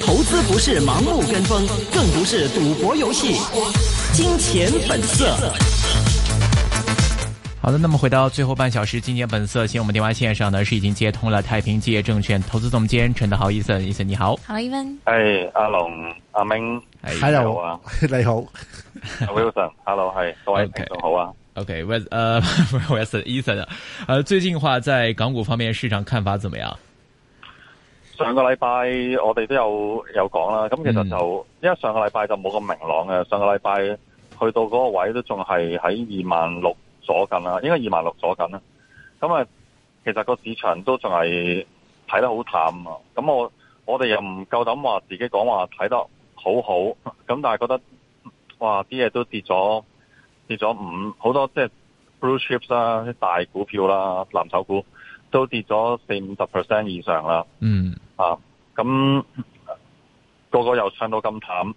投資不是盲目跟風，更不是賭博遊戲。金錢本色。 好的，那麼回到最後半小時，金錢本色，請我們電話線上呢是已經接通了太平基業證券投資總監陳德豪醫生，醫生你好。Hello，everyone。哎，阿龍，阿明，Hello 啊，你好。Wilson，Hello，係各位朋友好啊。OK，West，、okay, 呃、uh,，不是，Eason，呃、uh，最近話在港股方面市場看法怎麼樣？上個禮拜我哋都有有講啦，咁其實就、嗯、因為上個禮拜就冇咁明朗嘅，上個禮拜去到嗰個位都仲係喺二萬六左近啦，應該二萬六左近啦。咁啊，其實個市場都仲係睇得好淡啊。咁我我哋又唔夠膽話自己講話睇得好好，咁但係覺得，哇，啲嘢都跌咗。跌咗五好多，即係 blue chips 啦、啊，啲大股票啦、啊，藍籌股都跌咗四五十 percent 以上啦。嗯、mm. 啊，咁個個又唱到咁淡，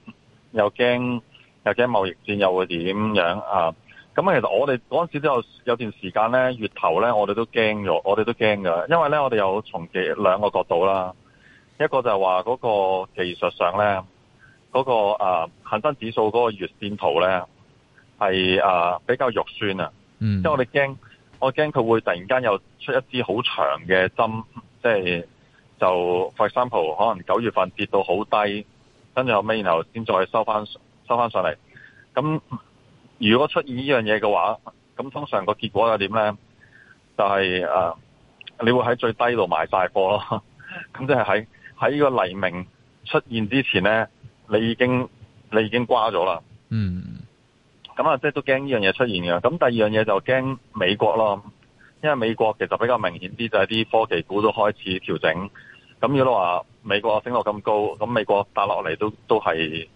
又驚又驚貿易戰又會點樣啊？咁、啊、其實我哋嗰陣時都有有段時間咧，月頭咧，我哋都驚咗，我哋都驚噶，因為咧，我哋有從嘅兩個角度啦，一個就係話嗰個技術上咧，嗰、個誒啊、恒生指數嗰個月線圖咧。係啊、呃，比較肉酸啊，即、嗯、係我哋驚，我驚佢會突然間又出一支好長嘅針，即係就 for example，可能九月份跌到好低，跟住後尾然後先再，再收翻收翻上嚟。咁如果出現呢樣嘢嘅話，咁通常個結果係點咧？就係、是、誒、呃，你會喺最低度賣晒貨咯。咁即係喺喺呢個黎明出現之前咧，你已經你已經瓜咗啦。嗯。咁啊，即係都驚呢樣嘢出現嘅。咁第二樣嘢就驚美國咯，因為美國其實比較明顯啲，就係啲科技股都開始調整。咁如果你話美國升落咁高，咁美國打落嚟都都係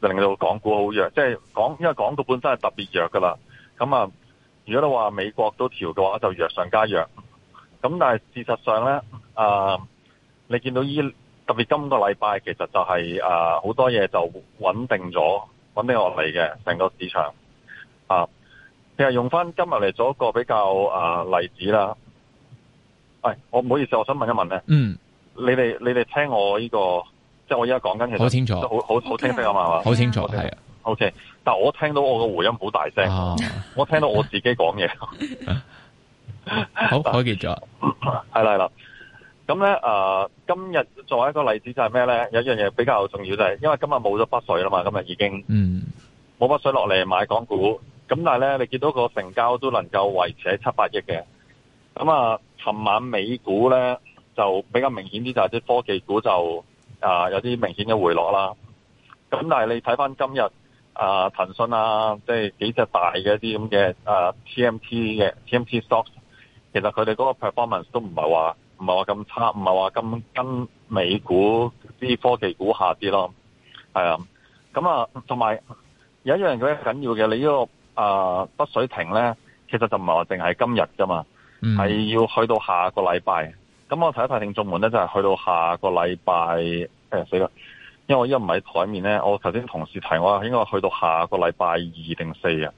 令到港股好弱。即係港，因為港股本身係特別弱噶啦。咁啊，如果你話美國都調嘅話，就弱上加弱。咁但係事實上咧，啊，你見到依特別今個禮拜，其實就係啊好多嘢就穩定咗。搵定落嚟嘅，成個市場啊，其實用翻今日嚟做一個比較，呃、例子啦。喂、哎，我唔好意思，我想問一問咧。嗯，你哋你哋聽我呢、這個，即係我而家講緊嘅，實好清楚，好好好清晰啊嘛，嘛？好清楚係。O.K.，但我聽到我個回音好大聲，啊，我聽到我自己講嘢。 但 好，可以咗，續。係啦，啦。咁咧，誒、呃，今日作為一個例子就係咩咧？有一樣嘢比較重要就係，因為今日冇咗北水啦嘛，今日已經冇北水落嚟買港股。咁但係咧，你見到個成交都能夠維持喺七八億嘅。咁啊，尋晚美股咧就比較明顯啲，就係啲科技股就啊有啲明顯嘅回落啦。咁但係你睇翻今日啊，騰訊啊，即、就、係、是、幾隻大嘅啲咁嘅 TMT 嘅 TMT stocks，其實佢哋嗰個 performance 都唔係話唔係話咁差，唔係話咁跟美股啲科技股下跌咯，係、嗯、啊，咁啊同埋有一樣嘢緊要嘅，你呢、這個啊北、呃、水亭咧，其實就唔係話淨係今日噶嘛，係要去到下個禮拜。咁、嗯嗯、我睇一睇定眾門咧，就係、是、去到下個禮拜誒死啦，因為我依家呢個唔喺台面咧，我頭先同事提我應該去到下個禮拜二定四啊。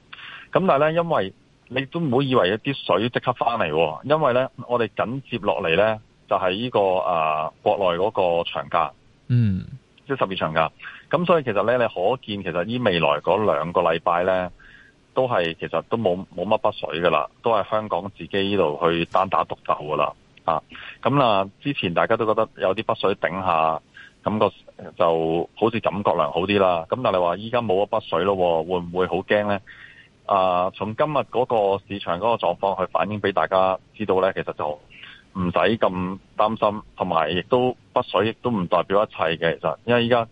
咁但係咧，因為你都唔好以為一啲水即刻翻嚟，因為呢，我哋緊接落嚟呢，就係呢個誒國內嗰個長假，嗯，即係十月長假。咁所以其實呢，你可見其實呢未來嗰兩個禮拜呢，都係其實都冇冇乜筆水噶啦，都係香港自己呢度去單打獨鬥噶啦，啊，咁啊，之前大家都覺得有啲筆水頂下，感覺就好似感覺良好啲啦。咁但係話依家冇咗筆水咯，會唔會好驚呢？啊、呃！從今日嗰個市場嗰個狀況去反映俾大家知道呢，其實就唔使咁擔心，同埋亦都北水都唔代表一切嘅。其實，因為依家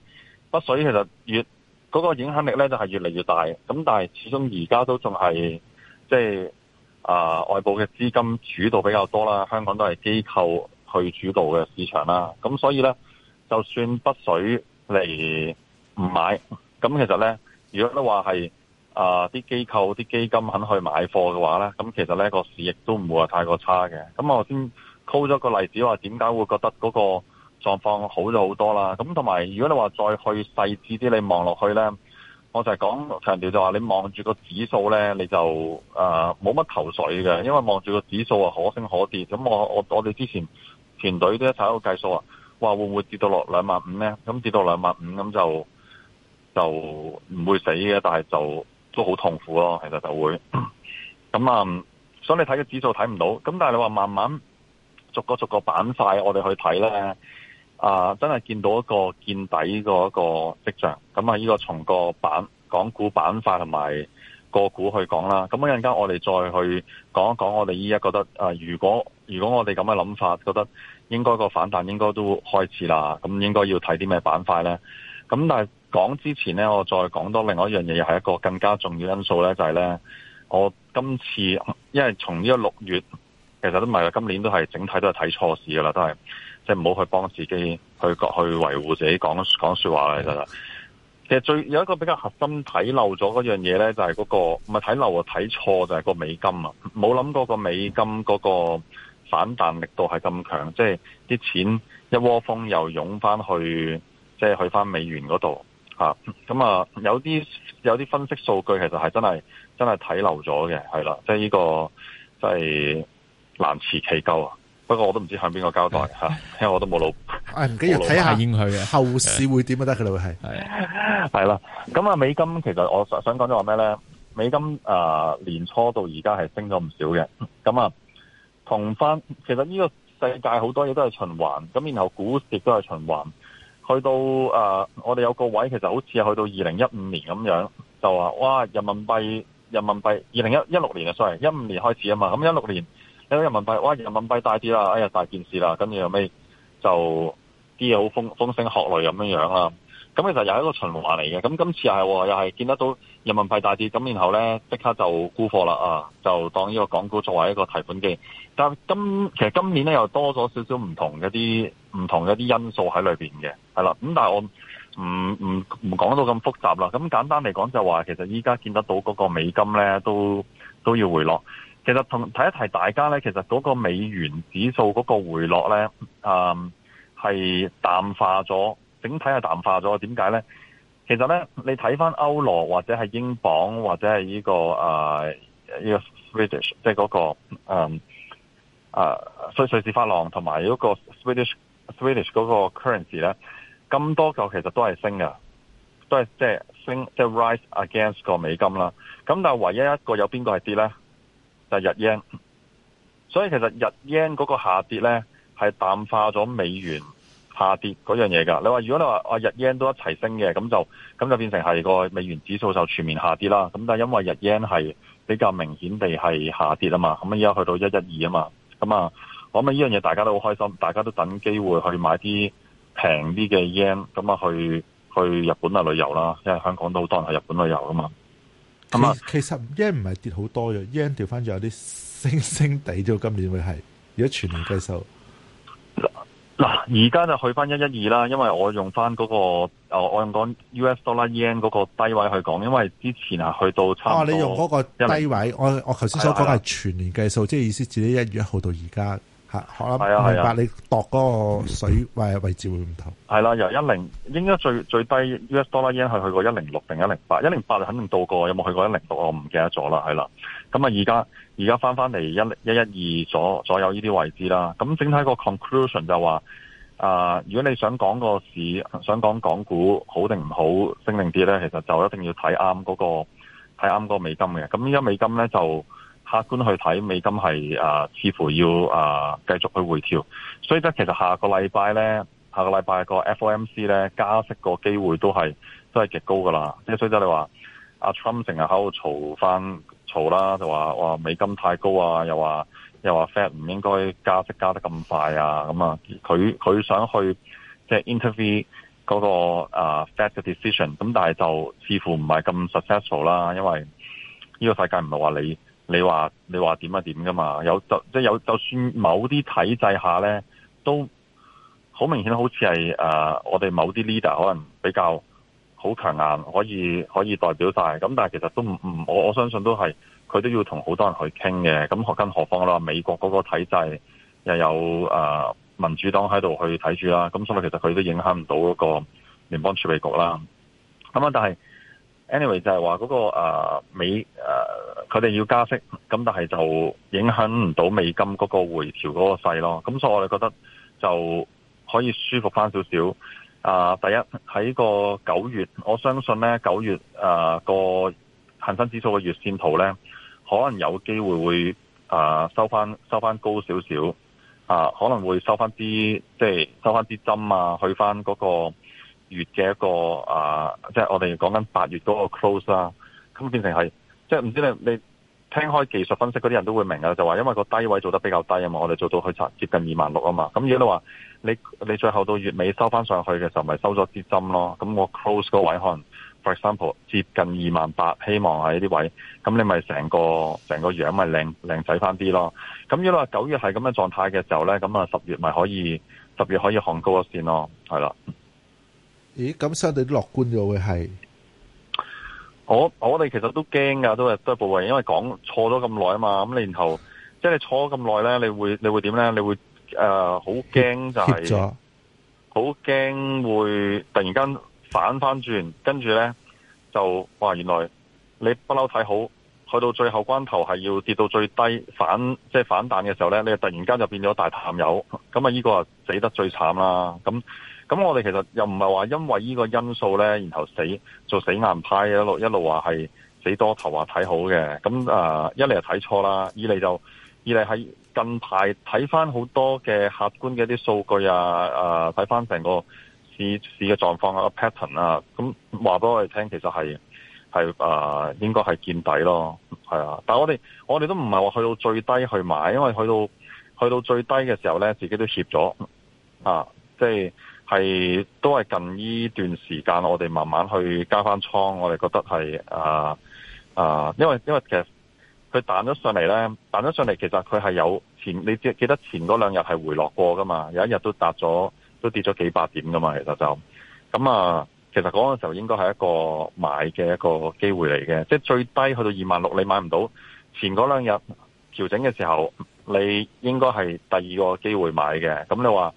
北水其實越嗰、嗰個影響力呢就係、是、越嚟越大。咁但係始終而家都仲係即係啊，外部嘅資金主導比較多啦。香港都係機構去主導嘅市場啦。咁所以呢，就算北水嚟唔買，咁其實呢，如果都話係。啊！啲機構啲基金肯去買貨嘅話呢，咁其實呢個市亦都唔會話太過差嘅。咁我先舉咗個例子，話點解會覺得嗰個狀況好咗好多啦。咁同埋如果你話再去細緻啲，你望落去呢，我就係講強調就話你望住個指數呢，你就啊冇乜頭緒嘅，因為望住個指數啊可升可跌。咁我我我哋之前團隊都一齊喺度計數話，話會唔會跌到落兩萬五呢？咁跌到兩萬五咁就就唔會死嘅，但係就都好痛苦咯，其實就會咁啊、 嗯，所以你睇嘅指數睇唔到，咁但係你話慢慢逐個逐個板塊我，我哋去睇咧啊，真係見到一個見底一個一個跡象，咁啊呢個從個板港股板塊同埋個股去講啦，咁一陣間我哋再去講一講，我哋依家覺得啊、呃，如果如果我哋咁嘅諗法，覺得應該個反彈應該都開始啦，咁、嗯、應該要睇啲咩板塊呢？咁、嗯、但係。講之前咧，我再講多另外一樣嘢，又係一個更加重要因素咧，就係、是、咧，我今次因為從呢個六月，其實都唔係啦，今年都係整體都係睇錯市噶啦，都係即係唔好去幫自己去去維護自己講講説話啦，其實。其實最有一個比較核心睇漏咗嗰樣嘢咧，就係、是、嗰、那個唔係睇漏啊，睇錯就係個美金啊，冇諗過個美金嗰個反彈力度係咁強，即係啲錢一窩蜂又湧翻去，即係去翻美元嗰度。咁啊，有啲有啲分析數據其實係真係真係睇漏咗嘅，係啦，即係呢、這個真係難辭其咎啊。不過我都唔知向邊個交代吓、啊，因為我都冇腦，唔緊要，睇下、啊啊啊、後市會點啊得佢啦，會係係啦。咁啊，美金其實我想講講咗話咩咧？美金、呃、年初到而家係升咗唔少嘅。咁啊，同翻其實呢個世界好多嘢都係循環，咁然後股市亦都係循環。去到誒、呃，我哋有個位，其實好似去到二零一五年咁樣，就話哇，人民幣，人民幣二零一一六年啊，sorry，一五年開始啊嘛，咁一六年呢個人民幣，哇，人民幣大啲啦，哎呀大件事啦，跟住後尾就啲嘢好風風聲鶴唳咁樣樣啦，咁其實又一個循環嚟嘅，咁今次係又係見得到。人民幣大跌，咁然後呢，即刻就沽貨啦啊！就當呢個港股作為一個提款機。但今其實今年呢，又多咗少少唔同嘅啲唔同嘅啲因素喺裏邊嘅，係啦。咁、嗯、但係我唔唔唔講到咁複雜啦。咁簡單嚟講，就話其實依家見得到嗰個美金呢，都都要回落。其實同提一提大家呢，其實嗰個美元指數嗰個回落呢，係、嗯、淡化咗，整體係淡化咗。點解呢？其實咧，你睇翻歐羅或者係英鎊或者係呢、呢個啊呢、啊呢個 Swedish 即係嗰、嗰個嗯瑞、啊啊、瑞士法郎同埋嗰個 Swedish Swedish 嗰個 currency 咧，咁多嚿其實都係升㗎，都係即係升即係 rise against 個美金啦。咁但係唯一一個有邊個係跌咧？就係、是、日元。所以其實日元嗰個下跌咧，係淡化咗美元。下跌嗰樣嘢噶，你話如果你話啊日 yen 都一齊升嘅，咁就咁就變成係個美元指數就全面下跌啦。咁但係因為日 yen 係比較明顯地係下跌啊嘛，咁啊依家去到一一二啊嘛，咁啊我諗呢樣嘢大家都好開心，大家都等機會去買啲平啲嘅 yen，咁啊去去日本啊旅遊啦，因為香港都好多人去日本旅遊噶嘛。咁啊，其實 yen 唔係跌好多嘅，yen 掉翻咗啲星星地，到今年會係，如果全年計數。嗱，而家就去翻一一二啦，因為我用翻、那、嗰個，我我用講 U S dollar yen 嗰個低位去講，因為之前係去到差唔多106，啊。你用嗰個低位，我我頭先所講係全年計數，啊，即係意思自己一月一號到而家吓，我諗明白你度嗰個水位位置會唔同。係啦，啊啊，由一零，應該最最低 U S dollar yen 係去過一零六定一零八，一零八就肯定到過，有冇去過一零六我唔記得咗啦，係啦，啊，咁啊而家。而家翻翻嚟一一一二左右呢啲位置啦，咁整體個 conclusion 就話，啊、呃、如果你想講個市，想講港股好定唔好升定跌咧，其實就一定要睇啱嗰個睇啱嗰個美金嘅。咁依家美金咧就客觀去睇，美金係啊、呃、似乎要啊、呃、繼續去回調，所以咧其實下個禮拜咧，下個禮拜個 FOMC 咧加息個機會都係都係極高噶啦。即係所以即係你話阿 Trump 成日喺度嘈翻。嘈啦就話，哇美金太高啊，又話又話 Fed 唔應該加息加得咁快啊，咁啊，佢佢想去即係 interview 嗰個啊 Fed 嘅 decision 咁，但係就似乎唔係咁 successful 啦，因為呢個世界唔係話你你話你話點啊點噶嘛有就即係有就算某啲體制下咧，都好明顯好似係誒我哋某啲 leader 可能比較。好強硬，可以可以代表曬。咁，但係其實都唔唔，我我相信都係佢都要同好多人去傾嘅。咁何更何況啦，美國嗰個體制又有啊、呃、民主黨喺度去睇住啦。咁所以其實佢都影響唔到嗰個聯邦儲備局啦。咁啊，但係 anyway 就係話嗰個、呃、美啊，呃、佢哋要加息，咁但係就影響唔到美金嗰個回調嗰個勢咯。咁所以我哋覺得就可以舒服翻少少。啊！第一喺個九月，我相信呢，九月啊個恒生指數嘅月線圖呢，可能有機會會啊收翻收翻高少少啊，可能會收翻啲，即係收翻啲針啊，去翻嗰個月嘅一個啊，即係我哋講緊八月嗰個 close 啦，咁變成係即係唔知你你。你聽開技術分析嗰啲人都會明啊，就話因為個低位做得比較低啊嘛，我哋做到去接近二萬六啊嘛。咁如果你話你你最後到月尾收翻上去嘅時候，就咪收咗啲針咯。咁我 close 嗰位可能、嗯、for example 接近二萬八，希望喺呢啲位。咁你咪成個成個樣咪靚靚仔翻啲咯。咁如果你話九月係咁嘅狀態嘅時候咧，咁啊十月咪可以十月可以行高一線咯，係啦。咦？咁相對你樂觀，又會係。哦、我我哋其實都驚噶，都係都係部位。因為講錯咗咁耐啊嘛，咁、嗯、你然後即係錯咗咁耐咧，你會你會點咧？你會誒好驚就係好驚會突然間反翻轉，跟住咧就，哇，原來你不嬲睇好，去到最後關頭係要跌到最低反即係、就是、反彈嘅時候咧，你突然間就變咗大淡友，咁啊呢個死得最慘啦咁。咁我哋其實又唔係話因為呢個因素咧，然後死做死硬派一路一路話係死多頭話睇好嘅。咁啊、呃，一嚟就睇錯啦，二嚟就二嚟係近排睇翻好多嘅客觀嘅啲數據啊，睇翻成個市市嘅狀況啊 pattern 啊，咁話俾我哋聽，其實係係啊應該係見底咯，係啊。但係我哋我哋都唔係話去到最低去買，因為去到去到最低嘅時候咧，自己都怯咗啊，即係。係都係近呢段時間，我哋慢慢去加翻倉，我哋覺得係啊啊，因為因為其實佢彈咗上嚟咧，彈咗上嚟，其實佢係有前你記記得前嗰兩日係回落過噶嘛，有一日都達咗，都跌咗幾百點噶嘛，其實就咁啊，其實嗰個時候應該係一個買嘅一個機會嚟嘅，即係最低去到二萬六，你買唔到，前嗰兩日調整嘅時候，你應該係第二個機會買嘅，咁你話？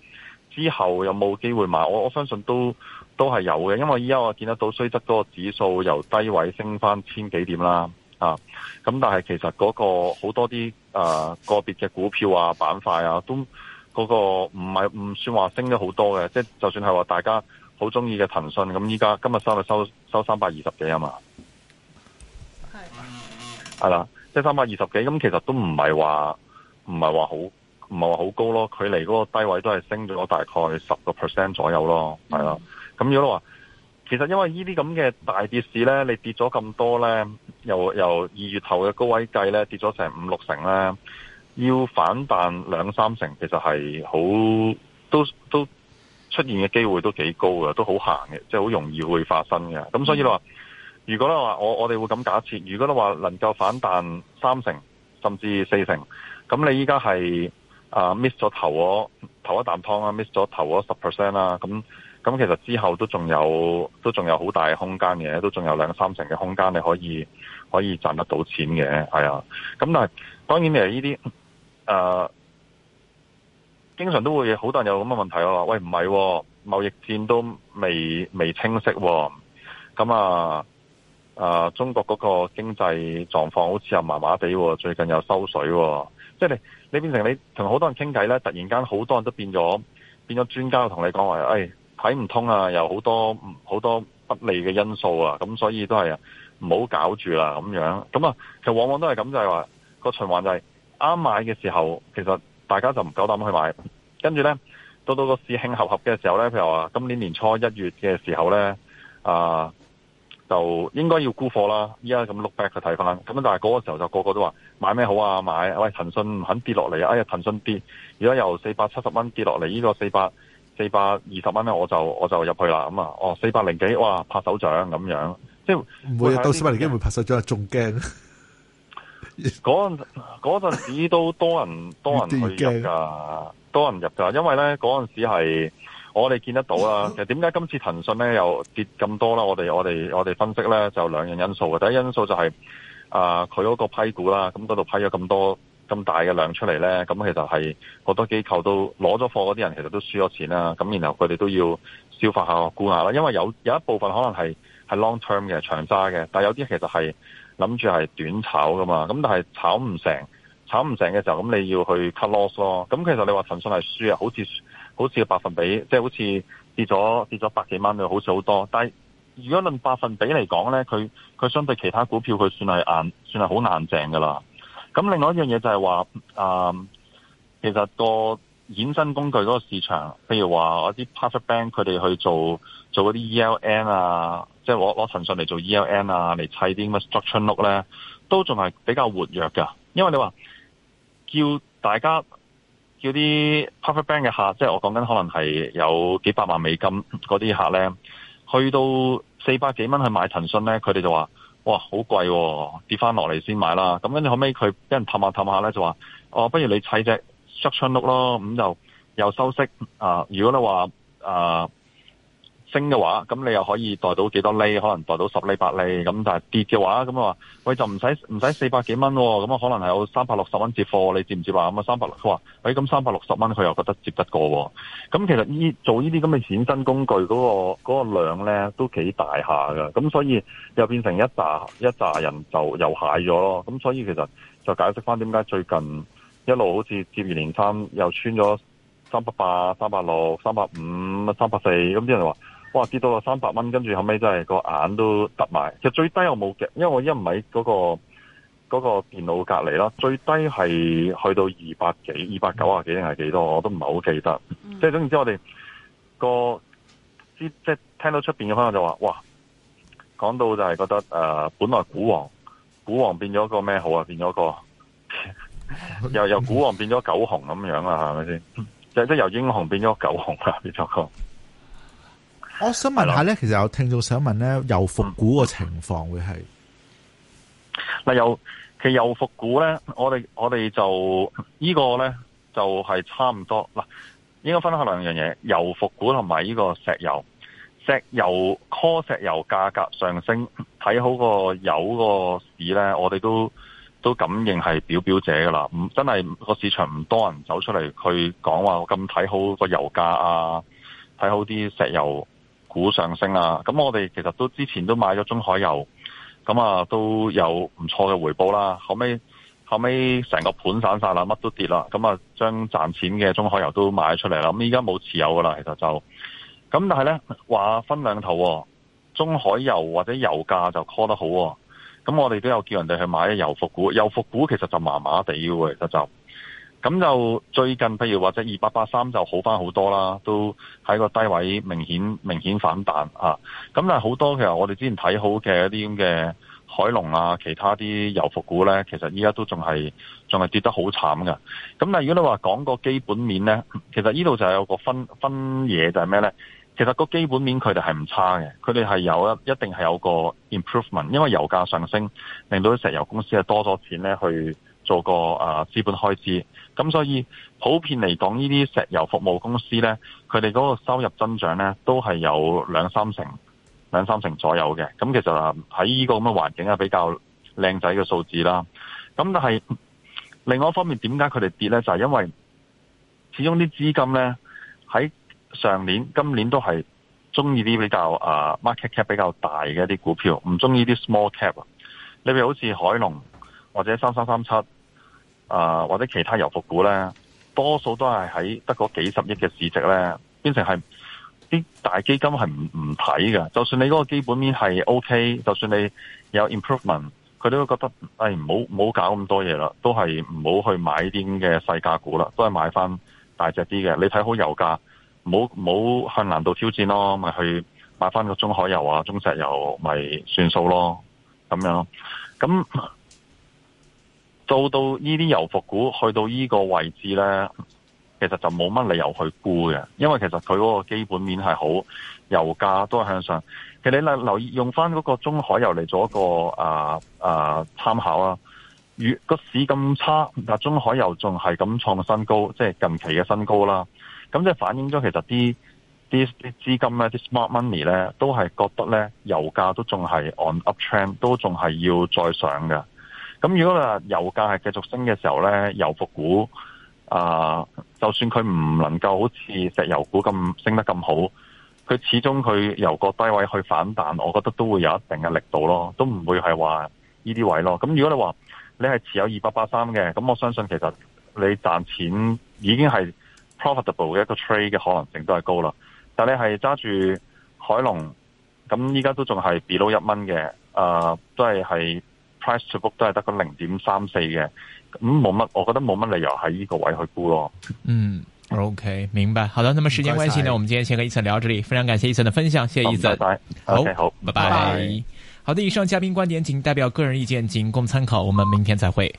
之後有冇機會買？我我相信都都係有嘅，因為依家我見得到，雖則嗰個指數由低位升翻千幾點啦，啊，咁但係其實嗰個好多啲誒、啊、個別嘅股票啊、板塊啊，都嗰、嗰個唔係唔算話升咗好多嘅，即、就、係、係、就算係話大家好中意嘅騰訊，咁依家今日收咪收收三百二十幾啊嘛，係啦，即係三百二十幾，咁、就係、其實都唔係話唔係話好。唔係話好高咯，距離嗰個低位都係升咗大概十個 percent 左右咯，係啦。咁、嗯、如果你話，其實因為呢啲咁嘅大跌市咧，你跌咗咁多咧，又由二月頭嘅高位計咧跌咗成五六成咧，要反彈兩三成，其實係好都都出現嘅機會都幾高嘅，都好行嘅，即係好容易會發生嘅。咁所以你話、嗯，如果咧話我我哋會咁假設，如果你話能夠反彈三成甚至四成，咁你依家係。啊，miss 咗頭咗頭一啖湯啊 miss 咗頭咗十 percent 啦，咁、啊、咁其實之後都仲有都仲有好大嘅空間嘅，都仲有兩三成嘅空間你可以可以賺得到錢嘅，係啊，咁但係當然誒呢啲誒，經常都會好多人有咁嘅問題啊。喂唔係貿易戰都未未清晰、啊，咁啊,啊中國嗰個經濟狀況好似又麻麻地，最近又收水、啊，即係你。你變成你同好多人傾偈咧，突然間好多人都變咗變咗專家，同你講話，誒睇唔通啊，又好多好多不利嘅因素啊，咁所以都係啊，唔好搞住啦咁樣。咁啊，其實往往都係咁，就係話個循環就係啱買嘅時候，其實大家就唔夠膽去買，跟住咧到到個市興合合嘅時候咧，譬如話今年年初一月嘅時候咧啊。就應該要沽貨啦，依家咁 look back 就睇翻，咁但係嗰個時候就個個都話買咩好啊，買喂騰訊唔肯跌落嚟啊，哎呀騰訊跌，而家由四百七十蚊跌落嚟，呢個四百四百二十蚊咧，我就我就入去啦，咁啊，哦四百零幾，哇拍手掌咁樣，即係唔會到四百零幾會拍手掌啊，仲驚？嗰嗰陣時都多人多人去入噶，多人入噶，因為咧嗰陣時係。我哋見得到啦，其實點解今次騰訊咧又跌咁多啦？我哋我哋我哋分析咧就兩樣因素嘅，第一因素就係啊佢嗰個批股啦，咁嗰度批咗咁多咁大嘅量出嚟咧，咁其實係好多機構都攞咗貨嗰啲人，其實都輸咗錢啦。咁然後佢哋都要消化下沽下啦，因為有有一部分可能係 long term 嘅長揸嘅，但係有啲其實係諗住係短炒噶嘛。咁但係炒唔成，炒唔成嘅時候，咁你要去 cut loss 咯。咁其實你話騰訊係輸啊，好似。好似嘅百分比，即係好似跌咗跌咗百幾蚊，又好似好多。但係如果論百分比嚟講呢，佢佢相對其他股票，佢算係硬，算係好硬淨噶啦。咁另外一樣嘢就係話，啊、呃，其實個衍生工具嗰個市場，譬如話啲 private bank 佢哋去做做嗰啲 ELN 啊，即係攞攞陳信嚟做 ELN 啊，嚟砌啲咁嘅 structured note 呢，都仲係比較活躍噶。因為你話叫大家。叫啲 private bank 嘅客，即係我講緊，可能係有幾百萬美金嗰啲客咧，去到四百幾蚊去買騰訊咧，佢哋就話：哇，好貴喎，跌翻落嚟先買啦。咁跟住後尾，佢俾人氹下氹下咧，就話：哦，不如你砌隻 short o k 咯。咁就又收息。啊、呃，如果你話、呃升嘅話，咁你又可以代到幾多厘？可能代到十厘、八厘。咁但係跌嘅話，咁就話：喂，就唔使唔使四百幾蚊喎。咁啊，可能係有三百六十蚊接貨，你接唔接話？咁啊，三百六，佢、哎、話：喂，咁三百六十蚊，佢又覺得接得過、哦。咁其實呢做呢啲咁嘅衍生工具嗰、那個嗰、那個量呢都幾大下㗎。咁所以又變成一扎一扎人就又蟹咗咯。咁所以其實就解釋翻點解最近一路好似接二連三又穿咗三百八、三百六、三百五、三百四。咁啲人話。哇！跌到落三百蚊，跟住後尾真係個眼都突埋。其實最低我冇嘅，因為我一唔喺嗰個嗰、嗰個電腦隔離囉。最低係去到二百幾、二百九啊幾定係幾多，多？我都唔係好記得。即、嗯、係、就是、總之我，我哋個即係聽到出邊嘅朋友就話：哇！講到就係覺得誒、呃，本來股王股王變咗個咩好啊？變咗個又又 股王變咗狗熊咁樣啊？係咪先？就係、是、即由英雄變咗狗熊啊！呢個。我想問下咧，其實有聽眾想問咧，油復股個情況會係嗱，油其實油復股咧，我哋我哋就、這個、呢個咧就係、是、差唔多嗱，應該分開兩樣嘢，油復股同埋呢個石油，石油 c 石油價格上升，睇好個油個市咧，我哋都都感應係表表者噶啦，唔真係個市場唔多人走出嚟，佢講話咁睇好個油價啊，睇好啲石油。股上升啦，咁我哋其實都之前都買咗中海油，咁啊都有唔錯嘅回報啦。後尾後尾成個盤散晒啦，乜都跌啦，咁啊將賺錢嘅中海油都賣出嚟啦。咁依家冇持有噶啦，其實就咁。但係呢話分兩頭，中海油或者油價就 call 得好，咁我哋都有叫人哋去買咗油服股，油服股其實就麻麻地喎，其實就。咁就最近，譬如或者二八八三就好翻好多啦，都喺個低位，明顯明顯反彈啊！咁但係好多其實我哋之前睇好嘅一啲咁嘅海龍啊，其他啲油服股咧，其實依家都仲係仲係跌得好慘㗎。咁但係如果你話講個，個基本面咧，其實呢度就係有個分分嘢就係咩咧？其實個基本面佢哋係唔差嘅，佢哋係有一一定係有個 improvement，因為油價上升，令到啲石油公司係多咗錢咧去做過資本開支，咁所以普遍嚟講，呢啲石油服務公司呢，佢哋嗰個收入增長呢，都係有兩三成、兩三成左右嘅。咁其實喺呢個咁嘅環境啊，比較靚仔嘅數字啦。咁但係另外一方面，點解佢哋跌呢？就係、是、因為始終啲資金呢，喺上年、今年都係中意啲比較誒 market cap 比較大嘅一啲股票，唔中意啲 small cap。你譬如好似海龍或者三三三七。啊，或者其他油服股呢，多數都係喺得嗰幾十億嘅市值呢，變成係啲大基金係唔唔睇嘅。就算你嗰個基本面係 OK，就算你有 improvement，佢都會覺得，哎，唔好唔好搞咁多嘢啦，都係唔好去買啲咁嘅細價股啦，都係買翻大隻啲嘅。你睇好油價，唔好向難度挑戰咯，咪去買翻個中海油啊、中石油咪算數咯，咁樣咯咁。做到呢啲油服股去到呢個位置咧，其實就冇乜理由去沽嘅，因為其實佢嗰個基本面係好，油價都係向上。其實你留意用翻嗰個中海油嚟做一個啊啊參考啦、啊，如個市咁差，嗱中海油仲係咁創新高，即係近期嘅新高啦。咁即係反映咗其實啲啲啲資金咧，啲 smart money 咧，都係覺得咧油價都仲係 on up trend，都仲係要再上嘅。咁如果話油價係繼續升嘅時候咧，油服股啊、呃，就算佢唔能夠好似石油股咁升得咁好，佢始終佢由個低位去反彈，我覺得都會有一定嘅力度咯，都唔會係話呢啲位咯。咁如果你話你係持有二八八三嘅，咁我相信其實你賺錢已經係 profitable 嘅一個 trade 嘅可能性都係高啦。但你係揸住海龍，咁依家都仲係 below 一蚊嘅，啊、呃，都係係。Facebook 都係得個零點三四嘅，咁冇乜，我覺得冇乜理由喺呢個位去估咯。嗯，OK，明白。好的，那麼時間關係呢關係，我們今天先跟 Eason 聊到這裏，非常感謝 Eason 的分享，謝謝 Eason。o、嗯、k 好，okay, 拜拜。好，好，Bye-bye Bye. 好的，以上嘉賓觀點僅代表個人意見，僅供參考。我們明天再會。